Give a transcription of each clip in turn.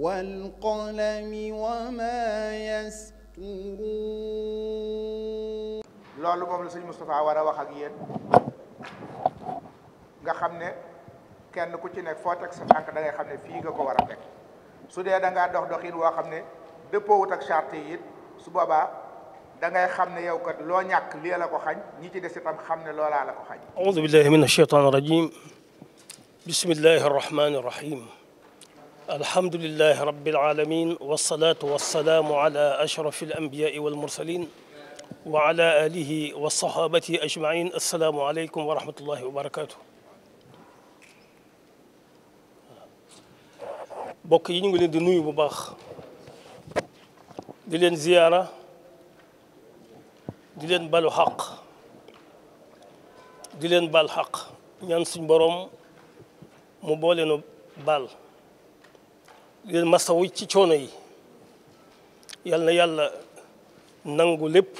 walqalami wa maa yasturuun loolu moom la sëñ Moustapha war a wax ak yéen nga xam ne kenn ku ci nekk foo teg sa tànk dangay xam ne fii nga ko war a teg su dee da ngaa dox doxin woo xam ne dëppoowut ak charte yi su boobaa dangay xam ne yow kat loo ñàkk lii la ko xañ ñi ci des itam xam ne loolaa la ko xañ. auzu billahi min ashaytaani rajim bismillahi rahmaani rahim. alhamdulilah rabil aalamiin wasalaatu wasalaamu ala ashrafi al-anbiyaai wal mursaliin wa ala aalihi wa sahaabatihi ajmaiin asalaamu aleykum wa rahmatullahi wa barakaatu. mbokk yi ñu ngi leen di nuyu bu baax di leen ziyaara di leen balu xaq di leen baal xaq ñaan suñ boroom mu boole nu baal. leen masawu ci coono yi yal na yàlla nangu lépp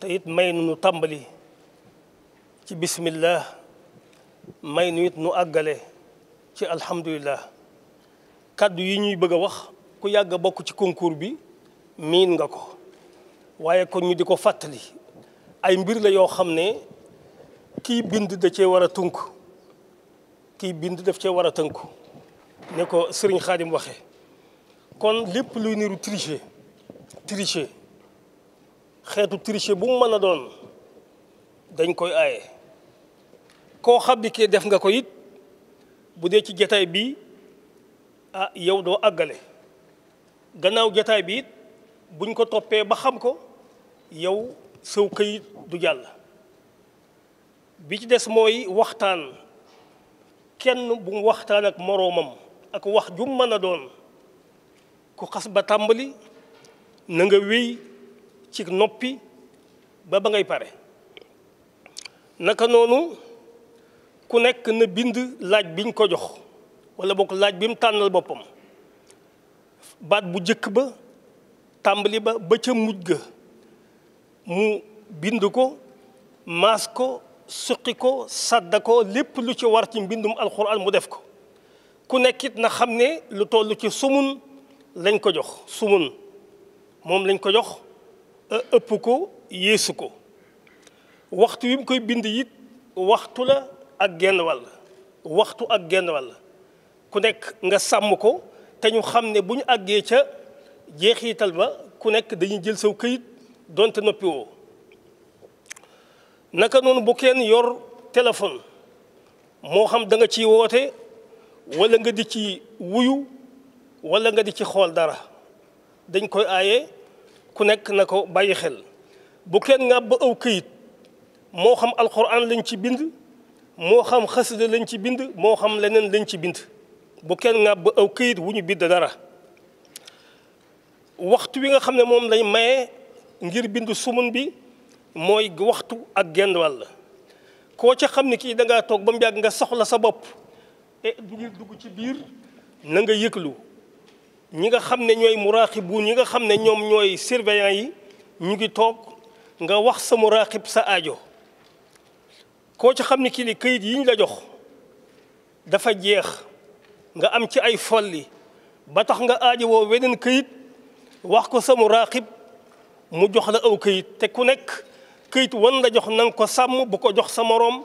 te may nu tàmbali ci bismillah may nu it nu àggale ci alhamdulillah kàddu yi ñuy bëgg a wax ku yàgg a bokk ci concours bi miin nga ko waaye kon ñu di ko fàttali ay mbir la yoo xam ne kii bind da cee war a tënku kii bind def cee war a tënku ne ko sëriñ Xaadim waxe kon lépp luy niru tricher tricher xeetu tricher bu mu mën a doon dañ koy aaye koo xam ni kee def nga ko it bu dee ci jataay bi ah yow doo àggale gannaaw jataay bi it buñ ko toppee ba xam ko yow sëw këyit du jàll bi ci des mooy waxtaan kenn bu mu waxtaan ak moroomam ak wax ju mën a doon ku xas ba tàmbali na nga wéy ci noppi ba ba ngay pare naka noonu ku nekk na bind laaj biñ ko jox wala bokk laaj bi mu tànnal boppam baat bu jëkk ba tàmbali ba ba ca mujj ga mu bind ko maas ko suqi ko sadda ko lépp lu ci war ci mbindum alxuraan mu def ko ku it na xam ne lu toll ci sumun lañ ko jox sumun moom lañ ko jox e ëpp ko yéesu ko waxtu wi mu koy bind yit waxtu la ak genn wàll waxtu ak genn wàll ku nekk nga sàmm ko te ñu xam ne bu ñu àggee ca jeexital ba ku nekk dañuy jël saw këyit donte noppi naka noonu bu kenn yor téléphone moo xam danga nga ciy woote wala nga di ci wuyu wala nga di ci xool dara dañ koy aaye ku nekk na ko bàyyi xel bu kenn nga aw këyit moo xam alxuraan lañ ci bind moo xam lañ ci bind moo xam leneen lañ ci bind bu kenn nga aw këyit wu ñu bind dara waxtu wi nga xam ne moom lañ maye ngir bind sumun bi mooy waxtu ak genn wàll koo ca xam ne kii da toog ba mu yàgg nga soxla sa bopp et dugg ci biir na nga yëglu ñi nga xam ne ñooy muraaqibu ñi nga xam ne ñoom ñooy surveillant yi ñu ngi toog nga wax samu muraqib sa ajo koo ci xam ne kii li këyit yi ñu la jox dafa jeex nga am ci ay folli ba tax nga aajo woo weneen kayit wax ko sa muraqib mu jox la aw këyit te ku nekk këyit wan la jox nang ko sàmm bu ko jox sa moroom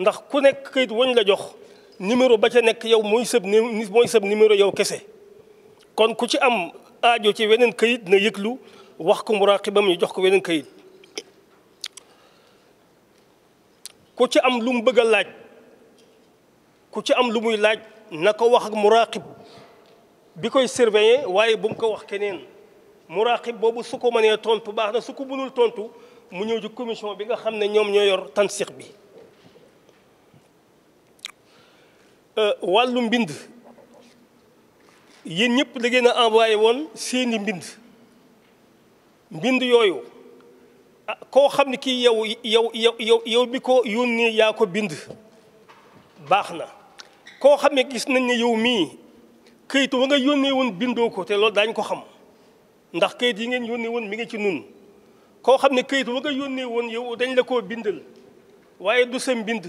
ndax ku nekk këyit wañ la jox numéro ba ca nekk yow mooy sëb mooy sëb numéro yow kese kon ku ci am aajo ci weneen kayit na yëglu wax ko muraqibam ñu jox ko weneen kayit ku ci am lu mu bëgg a laaj ku ci am lu muy laaj na ko wax ak muraqib bi koy surveiller waaye bu mu ko wax keneen muraqib boobu su ko mënee tontu baax na su ko mënul tontu mu ñëw ci commission bi nga xam ne ñoom ñoo yor tansiix bi Euh, wàllu mbind yéen ñëpp da ngeen a envoyé woon seeni mbind mbind yooyu ah, koo xam ne kii yow yow yow yow yow mi ko yónnee yaa ko bind baax na koo xam ne gis nañ ne yow mii këyit wa nga yónnee woon bindoo ko te loolu daañ ko xam ndax kayit yi ngeen yónnee woon mi ngi ci nun koo xam ne kayit wa nga yónnee woon yow dañ la koo bindal waaye du sa mbind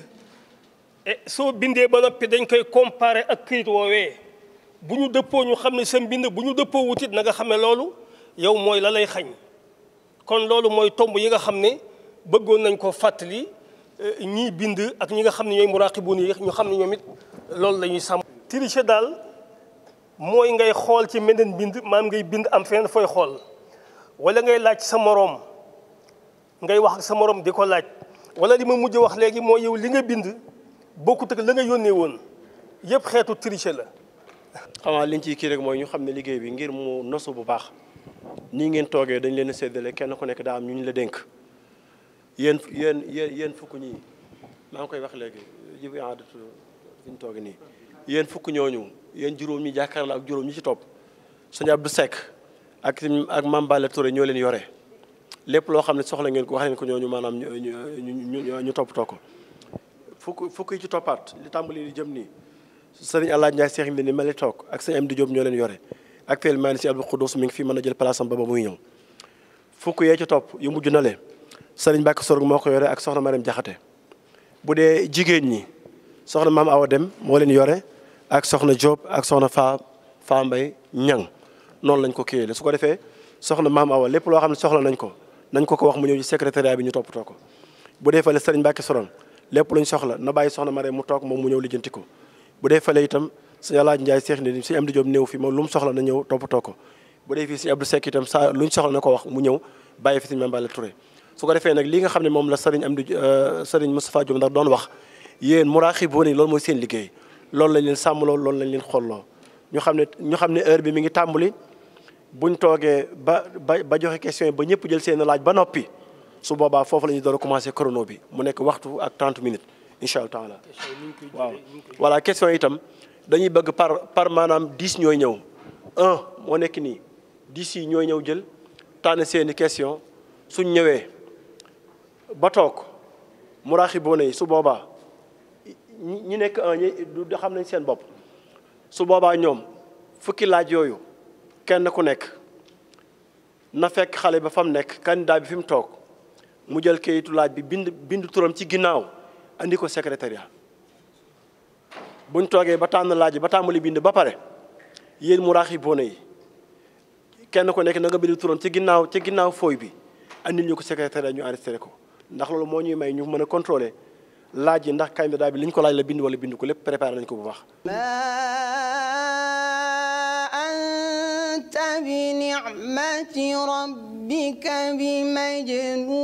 e soo bindee ba noppi dañ koy comparer ak këyit woowee bu ñu dëppoo ñu xam ne sa mbind bu ñu dëppoo wutit na nga xam ne loolu yow mooy la lay xañ kon loolu mooy tomb yi nga xam ne bëggoon nañ ko fàttali eh, ñii bind ak ñi nga xam ne ñooy muraaqibuun yi ñu xam ne ñoom it loolu la ñuy sàmm triche daal mooy ngay xool ci meneen bind maam ngay bind am fenn fooy xool wala ngay laaj sa moroom ngay wax ak sa moroom di ko laaj wala li ma mujj wax léegi mooy yow li nga bind bokkut ak la nga yónnee woon yëpp xeetu triche la. xamaa liñ ciy kii rek mooy ñu xam ne liggéey bi ngir mu nosu bu baax nii ngeen toogee dañ leen a séddale kenn ku nekk daa am ñu ñu la dénk yéen yéen yéen yéen fukk ñi maa ngi koy wax léegi ji bi aadatu fi ñu toogee nii. yéen fukk ñooñu yéen juróom ñi jàkkaarloo ak juróom ñi ci topp sëñ Abdou Seck ak ak Mame Balla Touré ñoo leen yore lépp loo xam ne soxla ngeen ko wax leen ko ñooñu maanaam ñu ñu ñu toppatoo ko. fukk fukk yi ci toppaat li tàmbali li jëm nii sëriñ Alaaji Ndiaye Seex mi ni meli toog ak sëñ Amdi Diop ñoo leen yore actuellement ni si Abdou Khoudous mi ngi mën a jël place am ba ba muy yee ci topp yu mujj na lee sëriñ Mbàkke Sorg moo ko yore ak soxna Mariam Jaxate bu dee jigéen ñi soxna Maam Awa Dem moo leen yore ak soxna jóob ak soxna Fa Fa Mbay Ñang noonu lañ ko kiiyee su ko defee soxna Maam Awa lépp loo xam ne soxla nañ ko nañ ko ko wax mu ñëw ci secrétariat bi ñu toppatoo ko bu dee fële sëriñ Mbàkke Sorg lépp luñ soxla na bàyyi ma Marème mu toog moom mu ñëw lijjanti ko bu dee fële itam sëñ Alaaji Njaay seex ni sëñ Amdi Jóob néew fi moom lu mu soxla na ñëw toppatoo ko bu dee fii sëñ Abdou Seck itam saa luñ soxla ko wax mu ñëw bàyyi fi sëñ Mame Balla Touré su ko defee nag li nga xam ne moom la sëriñ Amdi euh, sëriñ Moustapha Jóob ndax doon wax yéen muraaxibuun yi loolu mooy seen liggéey loolu lañ leen sàmmloo loolu lañ leen xolloo ñu xam ne ñu xam ne heure bi mi ngi tàmbali buñ toogee ba ba ba joxe question ba ñëpp jël seen laaj ba noppi su boobaa foofu la ñuy door a commencé chrono bi mu nekk waxtu ak 30 minutes incha allah waaw voilà question itam dañuy bëgg par par maanaam 10 ñooy ñëw moo nekk nii diis yi ñooy ñëw jël tànn seeni question suñ ñëwee ba toog muraaxi boone yi su boobaa ñi nekk un nañ seen bopp su boobaa ñoom fukki laaj yooyu kenn ku nekk na fekk xale ba fa nekk candidat bi fi mu toog mu jël kayitu laaj bi bind bind turam ci ginnaaw andi ko secrétariat buñ toogee ba tànn laaj ba tàmbali bind ba pare yéen mu raaxi boone yi kenn ku nekk na nga bind turam ci ginnaaw ci ginnaaw fooy bi andil ñu ko secrétariat ñu arrêté ko ndax loolu moo ñuy may ñu mën a contrôler laaj yi ndax candidat bi li liñ ko laaj la bind wala bind ko lépp préparé nañ ko bu baax. anta bi ni'mati rabbika bi majnun